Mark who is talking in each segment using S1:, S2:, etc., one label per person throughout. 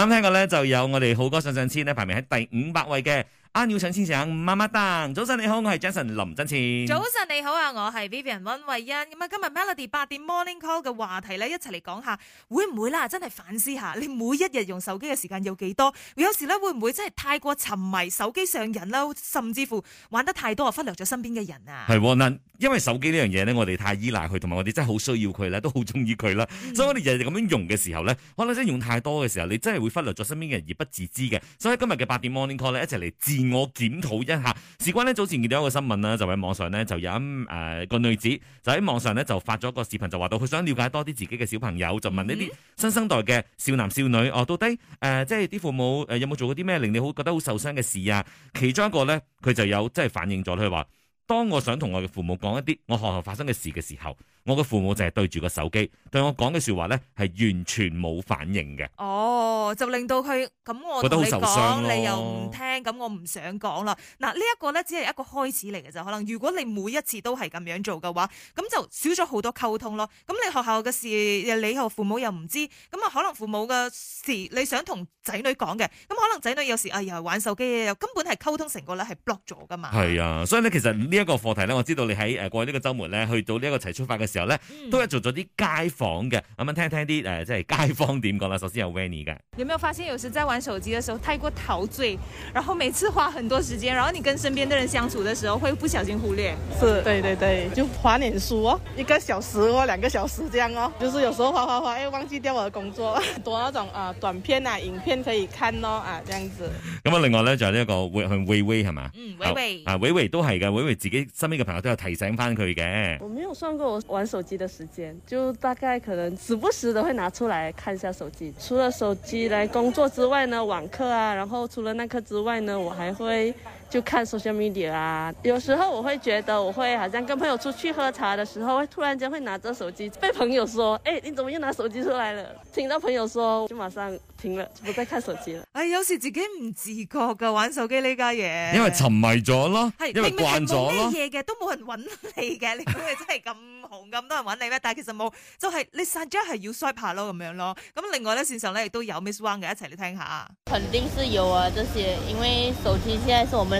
S1: 咁聽過咧，就有我哋好歌上上籤咧，排名喺第五百位嘅。阿廖尚先生、媽媽丹，早晨你好，我係 Jason 林振前。早
S2: 晨你好啊，我係 Vivian 溫慧欣。咁啊，今日 Melody 八點 Morning Call 嘅話題咧，一齊嚟講下，會唔會啦？真係反思下，你每一日用手機嘅時間有幾多？有時咧，會唔會真係太過沉迷手機上癮啦、啊？甚至乎玩得太多啊，忽略咗身邊嘅人啊？
S1: 係嗱，因為手機呢樣嘢呢，我哋太依賴佢，同埋我哋真係好需要佢啦，都好中意佢啦，嗯、所以我哋日日咁樣用嘅時候咧，可能真係用太多嘅時候，你真係會忽略咗身邊嘅人而不自知嘅。所以今日嘅八點 Morning Call 咧，一齊嚟我檢討一下，事關咧，早前見到一個新聞呢，就喺網上呢就有一誒個女子就喺網上呢就發咗個視頻，就話到佢想了解多啲自己嘅小朋友，就問呢啲新生代嘅少男少女哦，到底誒、呃、即係啲父母誒有冇做過啲咩令你好覺得好受傷嘅事啊？其中一個呢，佢就有即係反映咗佢話，當我想同我嘅父母講一啲我學校發生嘅事嘅時候。我嘅父母淨係對住個手機，對我講嘅說話咧係完全冇反應嘅。
S2: 哦，就令到佢咁、嗯、我覺得好受傷。你又唔聽，咁、嗯、我唔想講啦。嗱、呃，呢、這、一個咧只係一個開始嚟嘅啫。可能如果你每一次都係咁樣做嘅話，咁就少咗好多溝通咯。咁你學校嘅事，你又父母又唔知，咁啊可能父母嘅事你想同仔女講嘅，咁可能仔女有時哎呀玩手機，又根本係溝通成個咧係 block 咗噶嘛。係
S1: 啊，所以咧其實這課呢一個課題咧，我知道你喺誒過去這個週呢個周末咧去到呢一個齊出發嘅。時候咧，都係做咗啲街坊嘅，咁樣、嗯、聽聽啲誒，即、呃、係、就是、街坊點講啦。首先有 Wenny 嘅。
S2: 有沒有發現有時在玩手機的時候太過陶醉，然後每次花很多時間，然後你跟身邊的人相處的時候會不小心忽略？是，對對對，就花臉書、哦，一個小時或、哦、兩個小時這樣哦。就是有時候花花花，哎，忘記掉我的工作，多那種啊、呃、短片啊影片可以看咯
S1: 啊，這樣子。咁、嗯、啊，另外咧就係呢一個微微係嘛？嗯微微啊，微微都係嘅微微自己身邊嘅朋友都有提醒翻佢嘅。
S2: 我冇有算過玩手機的時間就大概可能時不時的會拿出來看一下手機，除了手機來工作之外呢，網課啊，然後除了那課之外呢，我還會。就看 social media 啦。有時候我會覺得，我會好像跟朋友出去喝茶的時候，會突然間會拿着手機，被朋友說，誒、欸，你怎麼又拿手機出來了？聽到朋友說，就馬上停了，就不再看手機了。誒、哎，有時自己唔自覺噶玩手機呢家嘢，因為
S1: 沉迷咗咯，
S2: 是因為慣咗咯。啲嘢嘅都冇人揾你嘅，你估係真係咁紅咁 多人揾你咩？但係其實冇，就係、是、你殺咗係要摔牌咯咁樣咯。咁另外咧線上咧亦都有 miss one 嘅，一齊嚟聽一下。肯定是有啊，這些，因為手機現在是我們。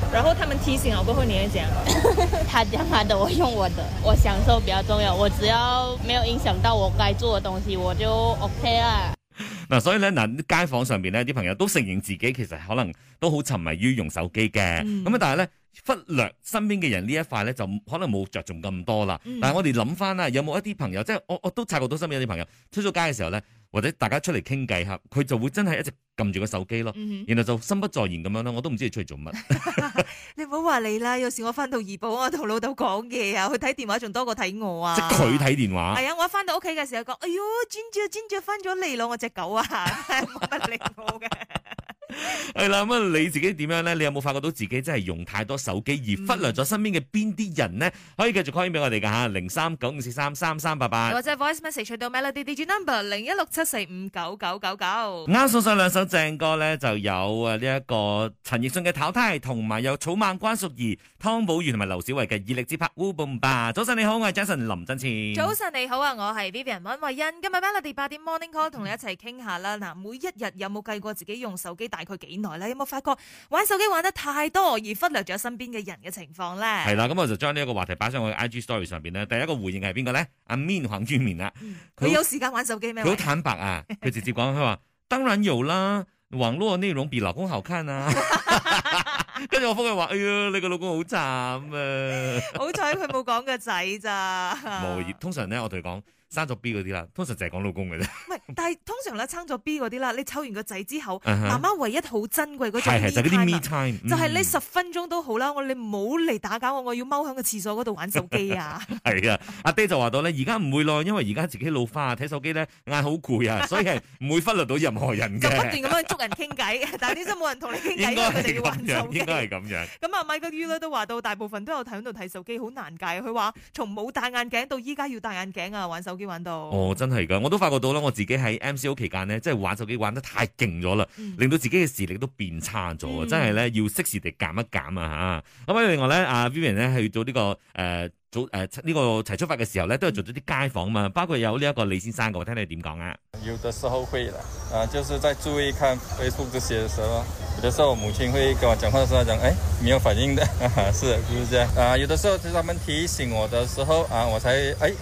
S2: 然後他們提醒我過後，你會講， 他講他的，我用我的，我享受比較重要。我只要沒有影響到我該做的東西，我就
S1: OK 啦。嗱，所以呢，嗱、呃，街坊上面呢啲朋友都承認自己其實可能都好沉迷於用手機嘅，咁啊、嗯，但係呢，忽略身邊嘅人呢一塊呢，就可能冇着重咁多啦。嗯、但係我哋諗翻啦，有冇一啲朋友，即係我我都察覺到身邊有啲朋友出咗街嘅時候呢。或者大家出嚟傾偈吓，佢就會真係一直撳住個手機咯，嗯、哼然後就心不在焉咁樣咯，我都唔知佢出嚟做乜。
S2: 你唔好話你啦，有時我翻到怡寶，我同老豆講嘢啊，佢睇電話仲多過睇我啊。即係佢睇電話。係啊、哎，我翻到屋企嘅時候講，哎呦轉住轉住返咗嚟咯，我隻狗啊，冇得你好嘅。
S1: 係啦，咁啊你自己點樣咧？你有冇發覺到自己真係用太多手機而忽略咗身邊嘅邊啲人咧？可以繼續 call 翻俾我哋噶吓，零三九五四三三三八八或
S2: 者 voice message 到 melody D J number 零一六七四五九九九九
S1: 啱，送上兩首正歌咧，就有啊呢一個陳奕迅嘅《淘汰》，同埋有草蜢關淑怡、湯寶如同埋劉小慧嘅《熱力之拍烏嘣吧》。早晨你好，我係 Jason 林振前。早
S2: 晨你好啊，我係 Vivian 溫慧欣。今日 melody 八點 morning call 同你一齊傾下啦。嗱，每一日有冇計過自己用手機打？大概幾耐咧？有冇發覺玩手機玩得太多而忽略咗身邊嘅人嘅情況咧？係啦，
S1: 咁我就將呢一個話題擺上去 I G Story 上邊咧。第一個回應係邊個咧？阿 Min 黃俊明啦，
S2: 佢、嗯、有時間玩手機咩？佢好很喂坦
S1: 白啊，佢 直接講佢話：當然有啦，網絡內容比老公好看啊。跟 住 我覆佢話：哎呀，你個老公好慘啊！
S2: 好彩佢冇講個仔咋。冇
S1: 通常咧我對佢講。生咗 B 嗰啲啦，通常就係講老公嘅啫。唔
S2: 係，但係通常咧，生咗 B 嗰啲啦，你湊完個仔之後，媽媽、uh huh，唯一好珍貴嗰種 time，是的
S1: 就係、是、呢
S2: 十分鐘都好啦。我你唔好嚟打攪我，我要踎喺個廁所嗰度玩手機啊。
S1: 係啊， 阿爹就話到咧，而家唔會咯，因為而家自己老花啊，睇手機咧眼好攰啊，所以係唔會忽略到任何人嘅。 不斷咁
S2: 樣捉人傾偈，但係點知冇人同你傾偈。
S1: 玩手機係咁樣，應該係咁
S2: 樣。咁啊，麥吉於咧都話到，大部分都有喺度睇手機，好難戒。佢話從冇戴眼鏡到依家要戴眼鏡啊，玩手機。我、
S1: 哦、真係噶，我都發覺到啦，我自己喺 M C O 期間呢，即係玩手機玩得太勁咗啦，嗯、令到自己嘅視力都變差咗、嗯、真係咧、啊，要適時地減一減啊吓。咁另外咧，阿、啊、Vivian 咧去做呢、這個誒早誒呢個齊出發嘅時候咧，都係做咗啲街訪啊嘛，包括有呢一個李先生嘅，我聽你點講啊。有的時候會啦，啊、呃，就是在注意看回覆這些嘅時候，有的時候我母親會跟我講話，嘅時候，講，哎、欸，沒有反應的，哈 哈，是，啊？有的時候是他們提醒我的時候啊，我才，哎。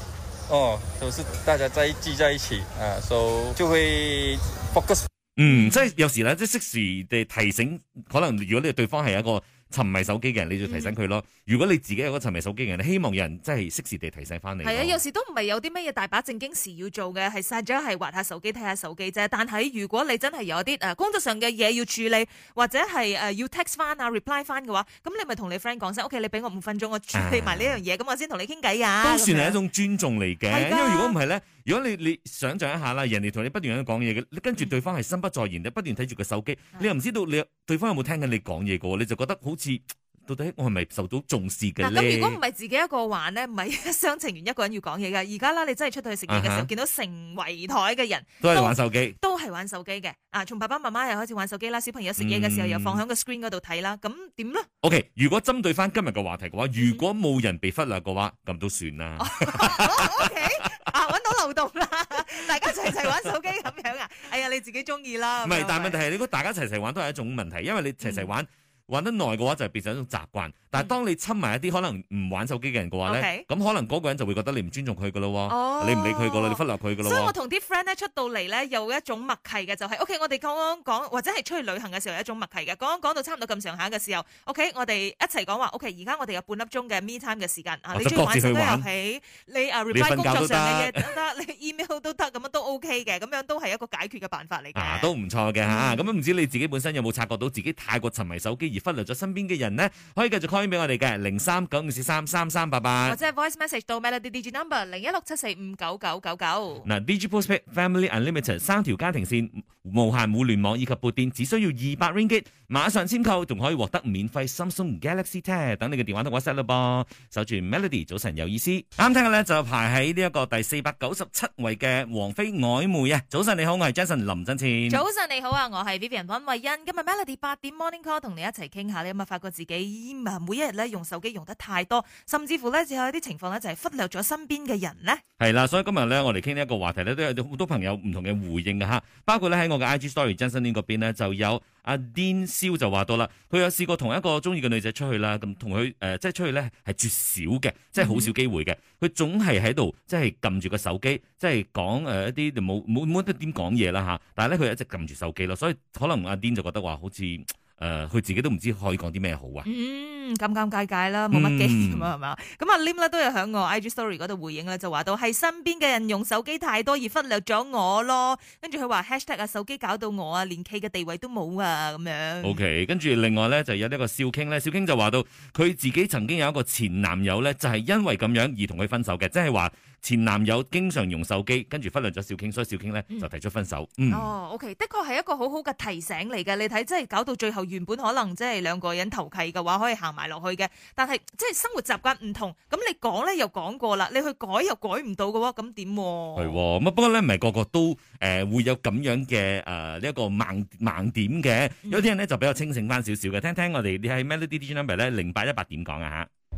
S1: 哦，都、就是大家在一聚在一起啊，所、so, 以就會 focus。嗯，即係有時咧，即係適時地提醒，可能如果你對方係一個。沉迷手機嘅人，你就提醒佢咯。如果你自己有個沉迷手機嘅人，你希望有人即係適時地提醒翻你。係啊，
S2: 有時都唔係有啲乜嘢大把正經事要做嘅，係曬咗係滑下手機，睇下手機啫。但係如果你真係有啲誒工作上嘅嘢要處理，或者係誒、呃、要 text 翻啊、reply 翻嘅話，咁你咪同你 friend 講聲，OK，你俾我五分鐘，我處理埋呢一樣嘢，咁我先同你傾偈啊。你啊都算係
S1: 一種尊重嚟嘅。的因為如果唔係咧。如果你你想象一下啦，人哋同你不斷咁講嘢嘅，你跟住對方係心不在焉，不斷睇住個手機，你又唔知道你對方有冇聽緊你講嘢嘅，你就覺得好似到底我係咪受到重視嘅咧？咁如果唔係
S2: 自己一個玩咧，唔係一廂情願一個人要講嘢嘅，而家啦，你真係出去食嘢嘅時候，見到成圍台嘅人
S1: 都係玩手機，
S2: 都係玩手機嘅。啊，從爸爸媽媽又開始玩手機啦，小朋友食嘢嘅時候又放喺個 screen 嗰度睇啦，咁點咧
S1: ？OK，如果針對翻今日嘅話題嘅話，如果冇人被忽略嘅話，咁都算啦。
S2: OK。互動啦， 大家齊齊玩手機咁樣啊？ 哎呀，你自己中意啦。唔係是，是是但
S1: 係問題係，你覺得大家齊齊玩都係一種問題，因為你齊齊玩、嗯。玩得耐嘅話就係變成一種習慣，但係當你親埋一啲可能唔玩手機嘅人嘅話咧，咁 Okay? 可能嗰個人就會覺得你唔尊重佢嘅咯。哦、你唔理佢嘅咯，你忽略佢嘅咯。所以我
S2: 同啲 friend 咧出到嚟咧有一種默契嘅、就係，就係 OK，我哋剛剛講或者係出去旅行嘅時候有一種默契嘅，剛剛講到差唔多咁上下嘅時候，OK，我哋一齊講話，OK，而家我哋有半粒鐘嘅 me time 嘅時間去玩你將晚上都入喺你啊 reply 工作上嘅嘢都得， 你 email 都得，咁樣都 OK 嘅，咁樣都係一個解決嘅辦法嚟
S1: 啊，都唔錯嘅嚇，咁唔、嗯啊、知道你自己本身有冇察覺到自己太過沉迷手機忽略咗身邊嘅人咧，可以繼續 call 俾我哋嘅零三九五四三三三八八，或者
S2: voice message 到 Melody DJ number 零一六七四五九九九九。
S1: 嗱，DJ postpaid family unlimited 三條家庭線，無限互聯網以及撥電，只需要二百 ringgit，馬上簽購仲可以獲得免費 Samsung Galaxy Tab，等你嘅電話同 WhatsApp 喇噃。守住 Melody，早晨有意思。啱聽嘅咧就排喺呢一個第四百九十七位嘅王菲曖昧啊！早晨你好，我係 Jason 林振前。早
S2: 晨你好啊，我係 Vivian 潘慧欣。今日 Melody 八點 morning call 同你一齊。傾下你有冇發覺自己啊，每一日咧用手機用得太多，甚至乎咧，就有啲情況咧，就係忽略咗身邊嘅人呢？
S1: 係啦，所以今日咧，我哋傾呢一個話題咧，都有好多朋友唔同嘅回應嘅吓，包括咧喺我嘅 I G Story 真身嗰邊咧，就有阿 Dean 蕭就話到啦，佢有試過同一個中意嘅女仔出去啦，咁同佢誒，即係出去咧係絕少嘅，即係好少機會嘅，佢總係喺度即係撳住個手機，即係講誒一啲冇冇得點講嘢啦吓，但係咧佢一直撳住手機咯，所以可能阿 Dean 就覺得話好似。誒，佢、呃、自己都唔知可以講啲咩好啊，嗯，
S2: 尷尷尬尬啦，冇乜經驗啊，係嘛？咁啊 Lim 啦都有響我 IG Story 嗰度回應啦，就話到係身邊嘅人用手機太多而忽略咗我咯，跟住佢話 hashtag 啊手機搞到我啊，連佢嘅地位都冇啊，咁樣，ok，
S1: 跟住另外咧就有一個傾呢個少傾咧，少傾就話到佢自己曾經有一個前男友咧，就係、是、因為咁樣而同佢分手嘅，即係話。前男友經常用手機，跟住忽略咗小傾，所以小傾咧就提出分手。
S2: 哦，OK，的確係一個好好嘅提醒嚟嘅。你睇，即係搞到最後，原本可能即係兩個人投契嘅話，可以行埋落去嘅。但係即係生活習慣唔同，咁你講咧又講過啦，你去改又改唔到嘅喎，咁點？
S1: 係咁啊！不過咧，唔係個個都誒會有咁樣嘅誒一個盲盲點嘅。有啲人咧就比較清醒翻少少嘅。聽聽我哋你喺 Melody 啲啲 number 咧？零八一八點講啊嚇！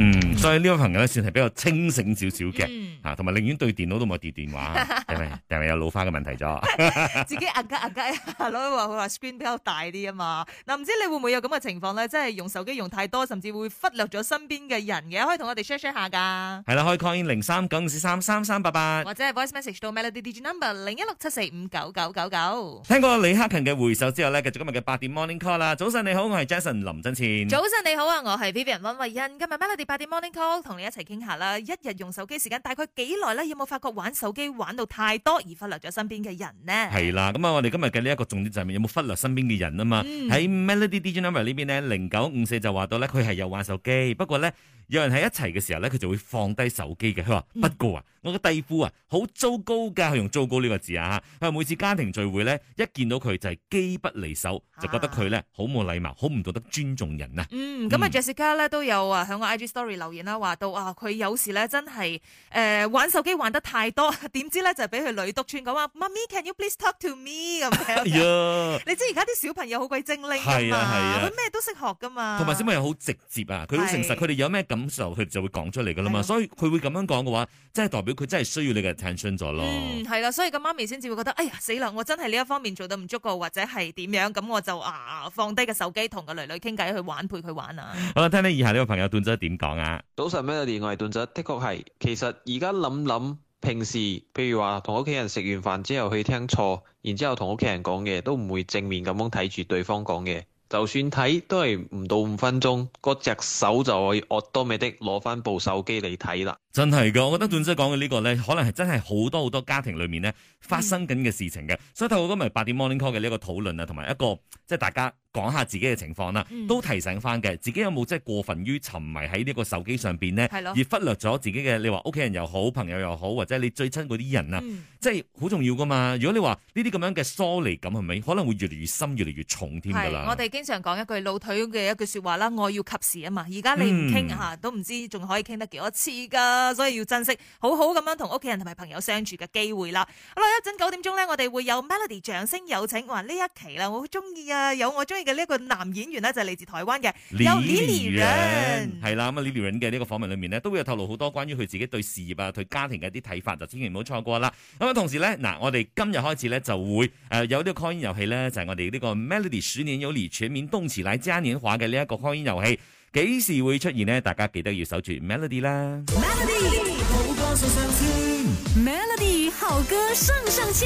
S1: 嗯，所以呢位朋友咧算係比較清醒少少嘅，嚇，同埋寧願對電腦都冇會跌電話，係咪？定係有老花嘅問題咗？自己
S2: 阿吉阿吉阿老話佢話 screen 比較大啲啊嘛，嗱，唔知你會唔會有咁嘅情況咧？即係用手機用太多，甚至會忽略咗身邊嘅人嘅，可以同我哋 share share 下㗎。
S1: 係啦，可以 call in 零三九五四三三三八八，或
S2: 者係 voice message 到 Melody Digital Number 零一六七四五九九九九。
S1: 聽過李克勤嘅回首」之後咧，繼續今日嘅八點 Morning Call 啦。早晨你好，我係 Jason 林振前。早
S2: 晨你好啊，我係 Vivian 温慧欣。今日 m 八點 morning call，同你一齊傾下啦。一日用手機時間大概幾耐咧？有冇發覺玩手機玩到太多而忽略咗身邊嘅人呢？係
S1: 啦，咁啊，我哋今日嘅呢一個重點就係有冇忽略身邊嘅人啊嘛。喺、嗯、Melody Digi Number 呢邊咧，零九五四就話到咧，佢係有玩手機，不過咧。有人喺一齊嘅時候咧，佢就會放低手機嘅。佢話：嗯、不過啊，我嘅弟夫啊，好糟糕嘅，用糟糕呢個字啊，佢話每次家庭聚會咧，一見到佢就係機不離手，啊、就覺得佢咧好冇禮貌，好唔道德，尊重人啊。嗯，
S2: 咁啊 Jessica 咧都有啊喺我 IG story 留言啦，話到啊佢有時咧真係誒、呃、玩手機玩得太多，點知咧就俾、是、佢女督串，講話媽咪，can you please talk to me 咁樣。係啊，你知而家啲小朋友好鬼精靈，係啊係啊，佢咩、啊、都識學噶嘛。同埋小
S1: 朋友好直接啊，佢好誠實，佢哋是有咩咁時候佢就會講出嚟噶啦嘛，所以佢會咁樣講嘅話，即係代表佢真係需要你嘅 attention 咗咯。嗯，
S2: 係啦，所以個媽咪先至會覺得，哎呀死啦，我真係呢一方面做得唔足夠，或者係點樣，咁、嗯、我就啊放低個手機，同個女女傾偈去玩，陪佢玩啊。
S1: 好啦，聽聽以下呢個朋友段仔點講啊。早晨，你好，我係段仔，的確係，其實而家諗諗，平時譬如話同屋企人食完飯之後去聽錯，然之後同屋企人講嘢，都唔會正面咁樣睇住對方講嘢。就算睇都係唔到五分鐘，嗰隻手就可以惡多咪的攞翻部手機嚟睇啦。真係噶，我覺得俊姐講嘅呢個咧，可能係真係好多好多家庭裏面咧發生緊嘅事情嘅。嗯、所以透過今日八點 Morning Call 嘅呢一個討論啊，同埋一個即係大家講下自己嘅情況啦，嗯、都提醒翻嘅，自己有冇即係過分於沉迷喺呢個手機上邊咧？咯而忽略咗自己嘅，你話屋企人又好，朋友又好，或者你最親嗰啲人啊，嗯、即係好重要噶嘛。如果你話呢啲咁樣嘅疏離感係咪？可能會越嚟越深，越嚟越重添噶啦。我
S2: 哋經常講一句老土嘅一句說話啦，愛要及時啊嘛。而家你唔傾吓，嗯、都唔知仲可以傾得幾多次噶。啊！所以要珍惜，好好咁樣同屋企人同埋朋友相處嘅機會啦。好啦，一陣九點鐘咧，我哋會有 Melody 掌聲有請。哇！呢一期啦，我好中意啊，有我中意嘅呢個男演員呢，就嚟、是、自台灣嘅 l i 李李仁。
S1: 係啦，咁啊李李仁嘅呢個訪問裏面呢，都會有透露好多關於佢自己對事業啊、對家庭嘅一啲睇法，就千祈唔好錯過啦。咁啊，同時咧，嗱，我哋今日開始咧就會誒有啲 call in 遊戲咧，就係我哋呢個 Melody 鼠年有禮全面冬馳奶嘉年華嘅呢一個 call in 遊戲。幾時會出現呢？大家記得要守住 melody 啦。
S2: melody，嗯，mel 好歌上上籤，melody 好歌上上籤，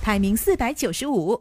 S2: 排名四百九十五。